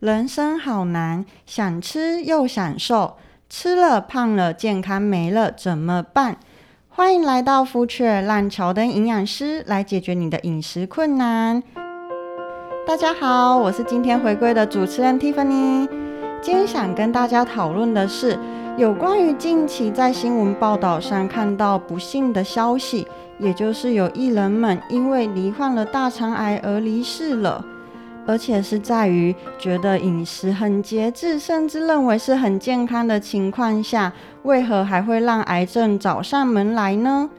人生好難，想吃又想瘦，吃了胖了，健康沒了，怎麼辦？歡迎來到福雀，讓喬登營養師來解決你的飲食困難。大家好，我是今天回歸的主持人 Tiffany。今天想跟大家討論的是，有關於近期在新聞報道上看到不幸的消息，也就是有藝人們因為罹患了大腸癌而離世了。而且是在於覺得飲食很節制，甚至認為是很健康的情況下，為何還會讓癌症找上門來呢？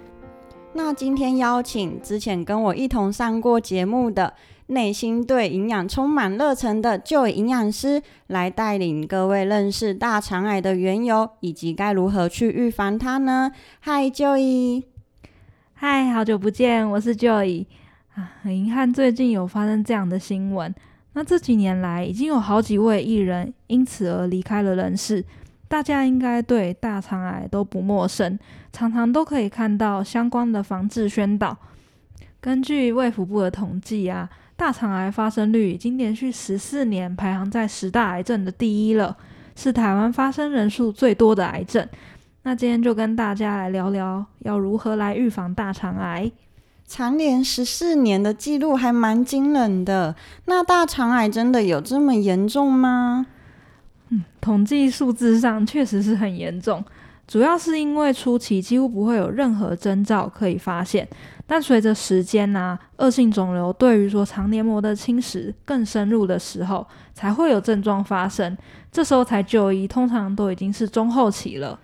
那今天邀請之前跟我一同上過節目的內心對營養充滿熱忱的 Joy 營養師來帶領各位認識大腸癌的緣由，以及該如何去預防它呢？嗨，Joy！嗨，好久不見，我是 Joy。啊，很遺憾最近有發生這樣的新聞。那這幾年來，已經有好幾位藝人因此而離開了人世。大家應該對大腸癌都不陌生，常常都可以看到相關的防治宣導。根據衛福部的統計啊，大腸癌發生率已經連續十四年排行在十大癌症的第一了，是台灣發生人數最多的癌症。那今天就跟大家來聊聊，要如何來預防大腸癌。蟬聯十四年的記錄還蠻驚人的。那大腸癌真的有這麼嚴重嗎？嗯，統計數字上確實是很嚴重，主要是因為初期幾乎不會有任何徵兆可以發現，但隨着時間呢、啊，惡性腫瘤對於說腸黏膜的侵蝕更深入的時候，才會有症狀發生，這時候才就醫，通常都已經是中後期了。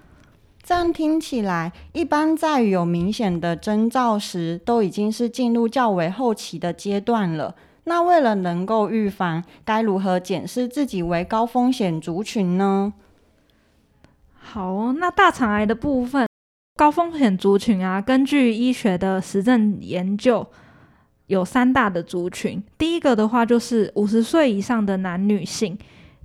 這樣聽起來，一般在有明顯的徵兆時，都已經是進入較為後期的階段了。那為了能夠預防，該如何檢視自己為高風險族群呢？好哦，那大腸癌的部分，高風險族群啊，根據醫學的實證研究，有三大的族群。第一個的話，就是五十歲以上的男女性；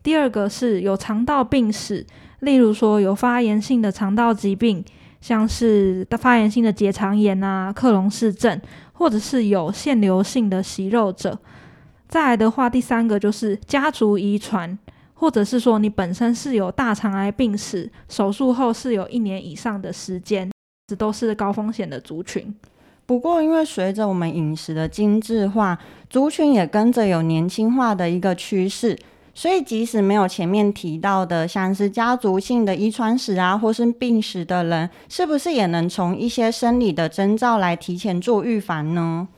第二個是有腸道病史。例如說有發炎性的腸道疾病，像是發炎性的結腸炎啊、克隆氏症，或者是有腺瘤性的息肉者。再來的話，第三個就是家族遺傳，或者是說你本身是有大腸癌病史，手術後是有一年以上的時間，這都是高風險的族群。不過，因為隨着我們飲食的精致化，族群也跟着有年輕化的一個趨勢。所以，即使沒有前面提到的，像是家族性的遺傳史啊，或是病史的人，是不是也能從一些生理的徵兆來提前做預防呢？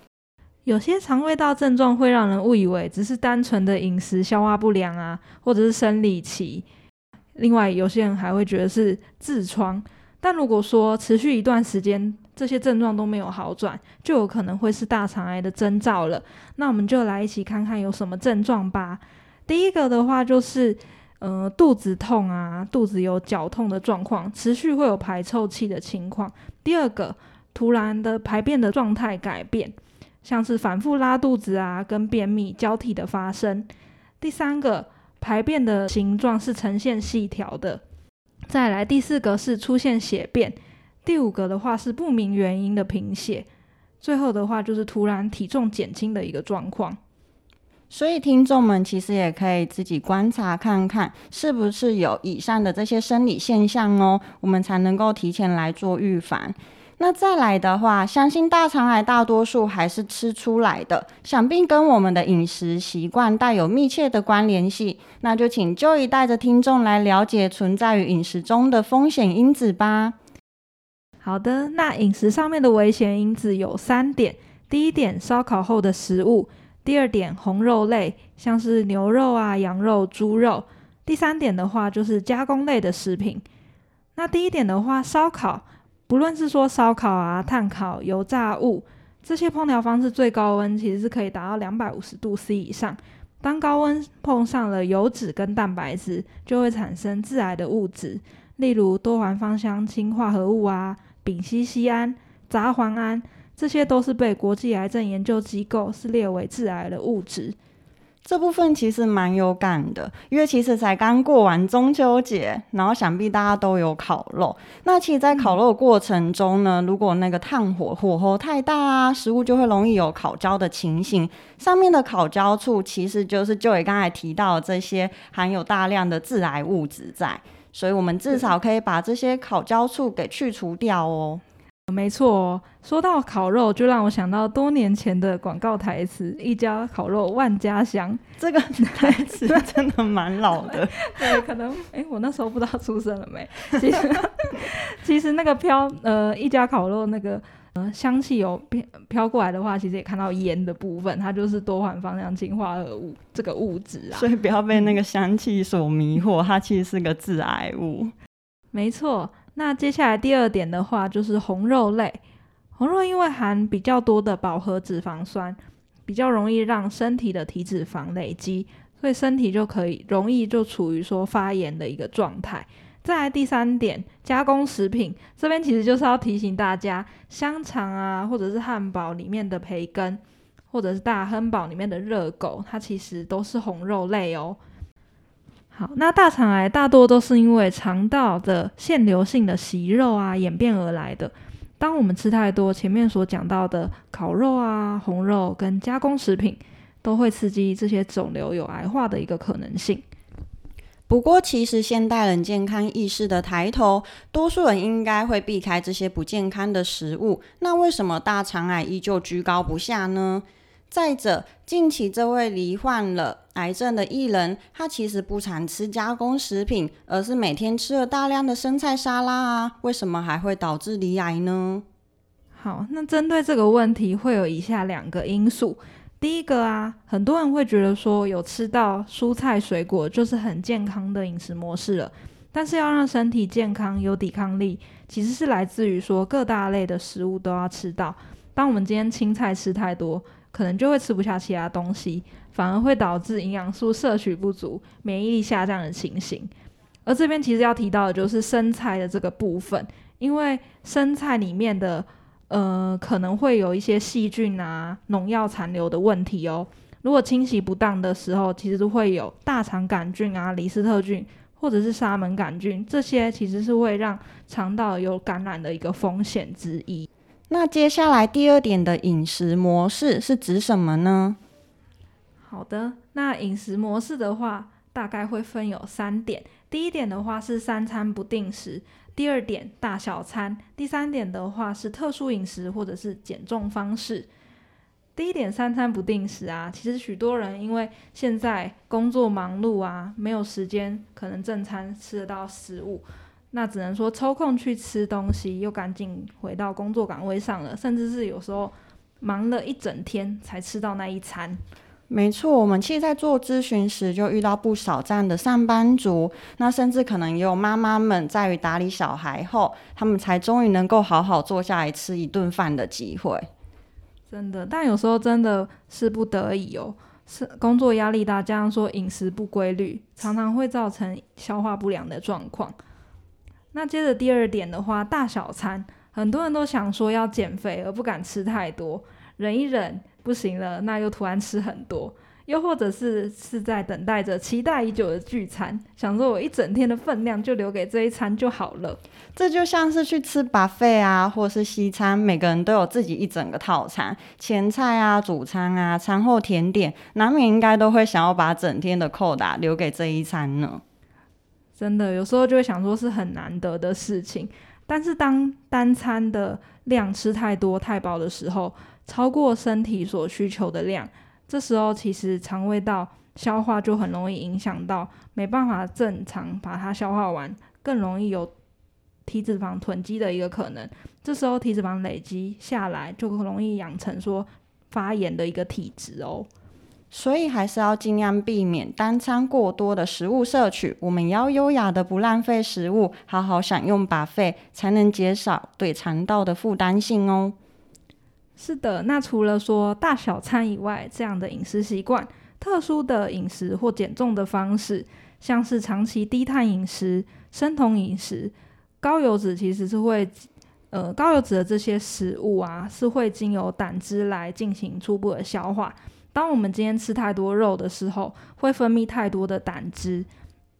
有些腸胃道症狀會讓人誤以為只是單純的飲食消化不良啊，或者是生理期。另外，有些人還會覺得是痔瘡。但如果說持續一段時間，這些症狀都沒有好轉，就有可能會是大腸癌的徵兆了。那我們就來一起看看有什麼症狀吧。第一個的話就是，呃，肚子痛啊，肚子有絞痛的狀況，持續會有排臭氣的情況。第二個，突然的排便的狀態改變，像是反覆拉肚子啊，跟便秘交替的發生。第三個，排便的形狀是呈現細條的。再來，第四個是出現血便。第五個的話是不明原因的貧血。最後的話就是突然體重減輕的一個狀況。所以，聽眾們其實也可以自己觀察看看，是不是有以上的這些生理現象哦，我們才能夠提前來做預防。那再來的話，相信大腸癌大多數還是吃出來的，想必跟我們的飲食習慣帶有密切的關聯性。那就請 Joey 帶着聽眾來了解存在於飲食中的風險因子吧。好的，那飲食上面的危險因子有三點：第一點，燒烤後的食物。第二點，紅肉類，像是牛肉啊、羊肉、豬肉。第三點的話，就是加工類的食品。那第一點的話，燒烤，不論是說燒烤啊、炭烤、油炸物，這些烹調方式最高溫其實是可以達到兩百五十度 C 以上。當高溫碰上了油脂跟蛋白質，就會產生致癌的物質，例如多環芳香烴化合物啊、丙烯酰胺、雜環胺。這些都是被國際癌症研究機構是列為致癌的物質。這部分其實蠻有感的，因為其實才剛過完中秋節，然後想必大家都有烤肉。那其實，在烤肉的過程中呢、嗯，如果那個炭火火候太大、啊，食物就會容易有烤焦的情形。上面的烤焦處，其實就是就你剛才提到這些含有大量的致癌物質在，所以我們至少可以把這些烤焦處給去除掉哦。嗯沒錯、哦，說到烤肉，就讓我想到多年前的廣告台詞“一家烤肉萬家香”。這個台詞真的蠻老的。 對，可能哎、欸，我那時候不知道出生了沒？其實， 其實那個飄呃，一家烤肉那個呃香氣有飄飄過來的話，其實也看到煙的部分，它就是多環芳香烴化合物這個物質啊。所以不要被那個香氣所迷惑、嗯，它其實是個致癌物。沒錯。那接下來第二點的話，就是紅肉類。紅肉因為含比較多的飽和脂肪酸，比較容易讓身體的體脂肪累積，所以身體就可以容易就處於說發炎的一個狀態。再來第三點，加工食品這邊其實就是要提醒大家，香腸啊，或者是漢堡裡面的培根，或者是大亨堡裡面的熱狗，它其實都是紅肉類哦。好，那大腸癌大多都是因為腸道的腺瘤性的息肉啊演變而來的。當我們吃太多前面所講到的烤肉啊、紅肉跟加工食品，都會刺激這些腫瘤有癌化的一個可能性。不過，其實現代人健康意識的抬頭，多數人應該會避開這些不健康的食物。那為什麼大腸癌依舊居高不下呢？再者，近期這位罹患了。癌症的藝人，他其實不常吃加工食品，而是每天吃了大量的生菜沙拉啊，為什麼還會導致罹癌呢？好，那針對這個問題，會有以下兩個因素。第一個啊，很多人會覺得說有吃到蔬菜水果就是很健康的飲食模式了，但是要讓身體健康有抵抗力，其實是來自於說各大類的食物都要吃到。當我們今天青菜吃太多，可能就會吃不下其他東西，反而會導致營養素攝取不足、免疫力下降的情形。而這邊其實要提到的就是生菜的這個部分，因為生菜裡面的呃可能會有一些細菌啊、農藥殘留的問題哦。如果清洗不當的時候，其實會有大腸桿菌啊、李斯特菌或者是沙門桿菌，這些，其實是會讓腸道有感染的一個風險之一。那接下來第二點的飲食模式是指什麼呢？好的，那飲食模式的話，大概會分有三點。第一點的話是三餐不定時，第二點大小餐，第三點的話是特殊飲食或者是減重方式。第一點三餐不定時啊，其實許多人因為現在工作忙碌啊，沒有時間，可能正餐吃得到食物，那只能說抽空去吃東西，又趕緊回到工作崗位上了，甚至是有時候忙了一整天才吃到那一餐。沒錯，我們其實，在做諮詢時就遇到不少這樣的上班族，那甚至可能也有媽媽們，在於打理小孩後，他們才終於能夠好好坐下來吃一頓飯的機會。真的，但有時候真的是不得已哦，是工作壓力大，加上說飲食不規律，常常會造成消化不良的狀況。那接着第二點的話，大小餐，很多人都想說要減肥而不敢吃太多，忍一忍不行了，那又突然吃很多，又或者是是在等待着期待已久的聚餐，想說我一整天的分量就留給這一餐就好了。這就像是去吃 buffet 啊，或是西餐，每個人都有自己一整個套餐，前菜啊、主餐啊、餐後甜點，難免應該都會想要把整天的扣打留給這一餐呢。真的，有時候就會想說，是很難得的事情。但是當單餐的量吃太多、太飽的時候，超過身體所需求的量，這時候其實腸胃道消化就很容易影響到，沒辦法正常把它消化完，更容易有體脂肪囤積的一個可能。這時候體脂肪累積下來，就很容易養成說發炎的一個體質哦。所以還是要盡量避免單餐過多的食物攝取。我們要優雅的不浪費食物，好好享用 buffet，才能減少對腸道的負擔性哦。是的，那除了說大小餐以外，這樣的飲食習慣、特殊的飲食或減重的方式，像是長期低碳飲食、生酮飲食、高油脂其實是會，呃，高油脂的這些食物啊，是會經由膽汁來進行初步的消化。當我們今天吃太多肉的時候，會分泌太多的膽汁。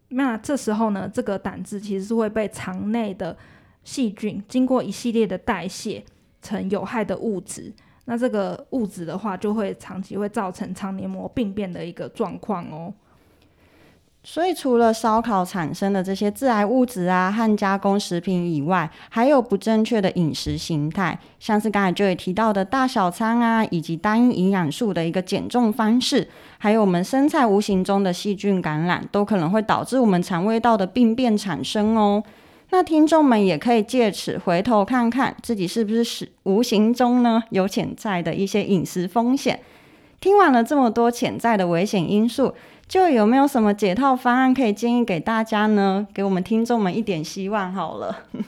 那這時候呢，這個膽汁其實是會被腸內的細菌經過一系列的代謝，成有害的物質。那這個物質的話，就會長期會造成腸黏膜病變的一個狀況哦。所以，除了燒烤產生的這些致癌物質啊，和加工食品以外，還有不正確的飲食形態，像是剛才就 o 提到的大小餐啊，以及單一營養素的一個減重方式，還有我們生菜無形中的細菌感染，都可能會導致我們腸胃道的病變產生哦。那聽眾們也可以借此回頭看看自己是不是是無形中呢有潛在的一些飲食風險。聽完了這麼多潛在的危險因素。就有沒有什麼解套方案可以建議給大家呢？給我們聽眾們一點希望好了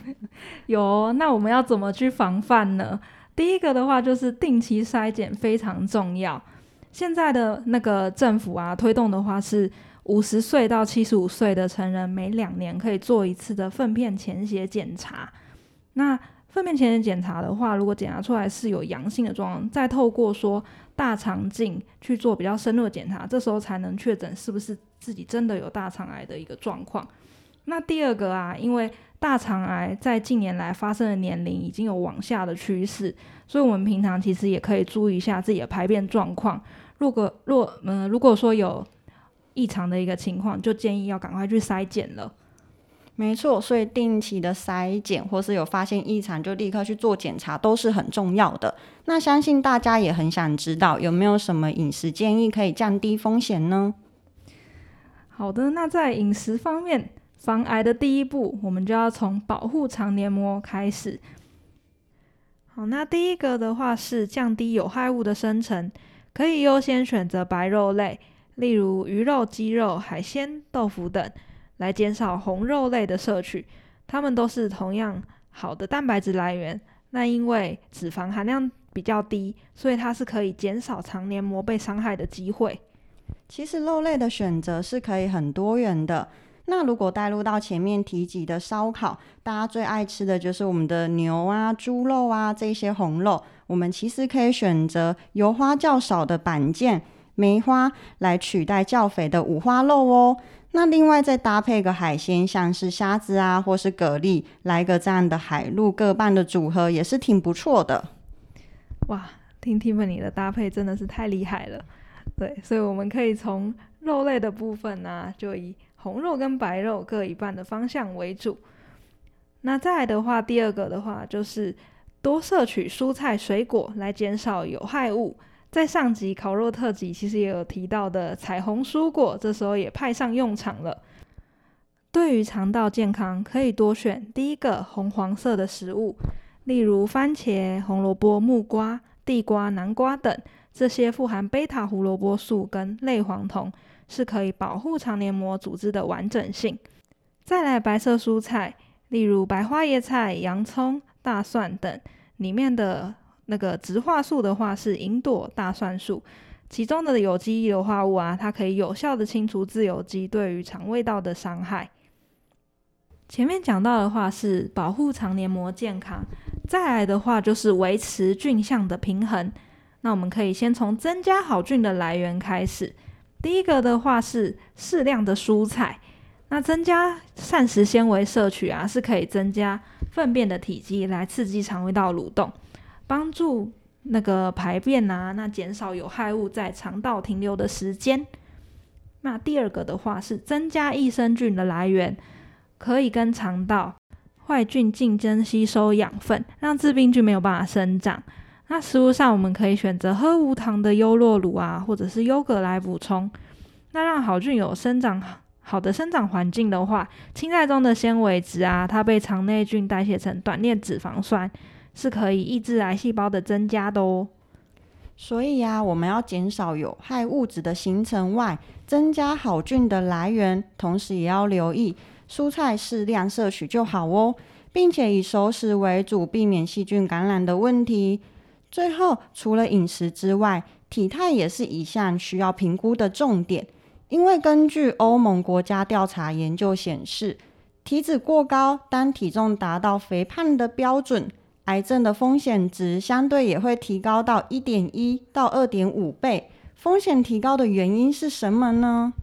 有哦，那我們要怎麼去防範呢？第一個的話就是定期篩檢非常重要。現在的那個政府啊，推動的話是五十歲到七十五歲的成人，每兩年可以做一次的糞便潛血檢查。那糞便潛血前的檢查的話，如果檢查出來是有陽性的狀況，再透過說大腸鏡去做比較深入的檢查，這時候才能確診是不是自己真的有大腸癌的一個狀況。那第二個啊，因為大腸癌在近年來發生的年齡已經有往下的趨勢，所以我們平常其實也可以注意一下自己的排便狀況。如果若嗯如果、呃、如果說有異常的一個情況，就建議要趕快去篩檢了。沒錯，所以定期的篩檢或是有發現異常就立刻去做檢查都是很重要的。那相信大家也很想知道有沒有什麼飲食建議可以降低風險呢？好的，那在飲食方面，防癌的第一步，我們就要從保護腸黏膜開始。好，那第一個的話是降低有害物的生成，可以優先選擇白肉類，例如魚肉、雞肉、海鮮、豆腐等。來減少紅肉類的攝取，它們都是同樣好的蛋白質來源。那因為脂肪含量比較低，所以它是可以減少腸黏膜被傷害的機會。其實肉類的選擇是可以很多元的。那如果帶入到前面提及的燒烤，大家最愛吃的就是我們的牛啊、豬肉啊這些紅肉。我們其實可以選擇油花較少的板腱、梅花來取代較肥的五花肉哦。那另外再搭配個海鮮，像是蝦子啊，或是蛤蜊，來個這樣的海陸各半的組合，也是挺不錯的。哇，聽聽你的搭配真的是太厲害了。對，所以我們可以從肉類的部分呢、啊，就以紅肉跟白肉各一半的方向為主。那再的話，第二個的話就是多攝取蔬菜水果，來減少有害物。在上集烤肉特輯其實也有提到的彩虹蔬果，這時候也派上用場了。對於腸道健康，可以多選第一個紅黃色的食物，例如番茄、紅蘿蔔、木瓜、地瓜、南瓜等，這些富含 β 胡蘿蔔素跟類黃酮，是可以保護腸黏膜組織的完整性。再來白色蔬菜，例如白花椰菜、洋蔥、大蒜等，裡面的。那個植化素的話是吲哚大蒜素、其中的有機硫化物啊，它可以有效的清除自由基，對於腸胃道的傷害。前面講到的話是保護腸黏膜健康，再來的話就是維持菌相的平衡。那我們可以先從增加好菌的來源開始。第一個的話是適量的蔬菜，那增加膳食纖維攝取啊，是可以增加糞便的體積，來刺激腸胃道蠕動。幫助那個排便吶、啊，那減少有害物在腸道停留的時間。那第二個的話是增加益生菌的來源，可以跟腸道壞菌競爭吸收養分，讓致病菌沒有辦法生長。那食物上我們可以選擇喝無糖的優酪乳啊，或者是優格來補充。那讓好菌有生長好的生長環境的話，青菜中的纖維質啊，它被腸內菌代謝成短鏈脂肪酸。是可以抑制癌細胞的增加的哦。所以呀、啊，我們要減少有害物質的形成外，增加好菌的來源，同時也要留意蔬菜適量攝取就好哦，並且以熟食為主，避免細菌感染的問題。最後，除了飲食之外，體態也是一項需要評估的重點，因為根據歐盟國家調查研究顯示，體脂過高，當體重達到肥胖的標準。癌症的風險值相對也會提高到一點一到二點五倍。風險提高的原因是什麼呢？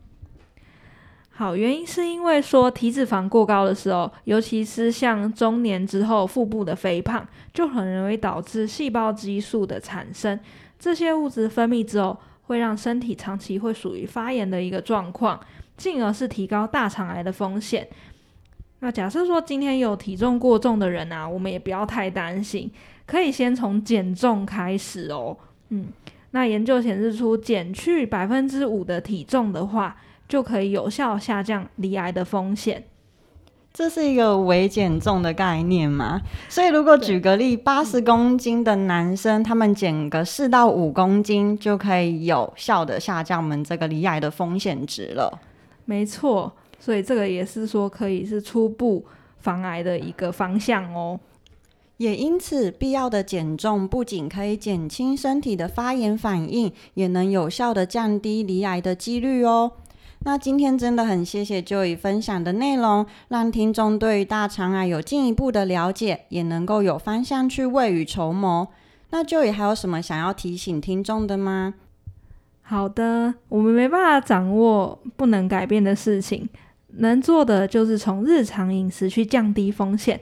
好，原因是因為說體脂肪過高的時候，尤其是像中年之後腹部的肥胖，就很容易導致細胞激素的產生。這些物質分泌之後，會讓身體長期會屬於發炎的一個狀況，進而是提高大腸癌的風險。那假設說今天有體重過重的人啊，我們也不要太擔心，可以先從減重開始哦。嗯，那研究顯示出減去百分之五的體重的話，就可以有效下降罹癌的風險。這是一個微減重的概念嘛。所以如果舉個例，八十公斤的男生，嗯、他們減個四到五公斤，就可以有效的下降我們這個罹癌的風險值了。沒錯。所以這個也是說可以是初步防癌的一個方向哦。也因此，必要的減重不僅可以減輕身體的發炎反應，也能有效的降低罹癌的幾率哦。那今天真的很謝謝 Joy 分享的內容，讓聽眾對於大腸癌有進一步的了解，也能夠有方向去未雨綢繆。那 Joy 還有什麼想要提醒聽眾的嗎？好的，我們沒辦法掌握不能改變的事情。能做的就是從日常飲食去降低風險。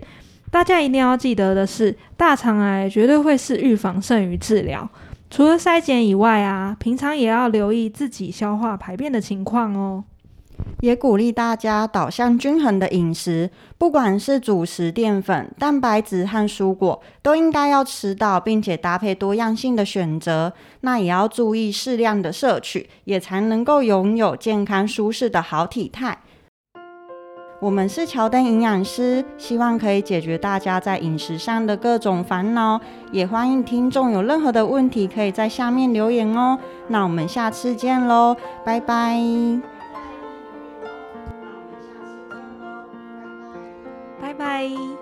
大家一定要記得的是，大腸癌絕對會是預防勝於治療。除了篩檢以外啊，平常也要留意自己消化排便的情況哦。也鼓勵大家導向均衡的飲食，不管是主食、澱粉、蛋白質和蔬果，都應該要吃到，並且搭配多樣性的選擇。那也要注意適量的攝取，也才能夠擁有健康舒適的好體態。我們是喬丹營養師，希望可以解決大家在飲食上的各種煩惱。也歡迎聽眾有任何的問題，可以在下面留言哦。那我們下次見嘍，拜拜。拜拜。拜拜。拜拜。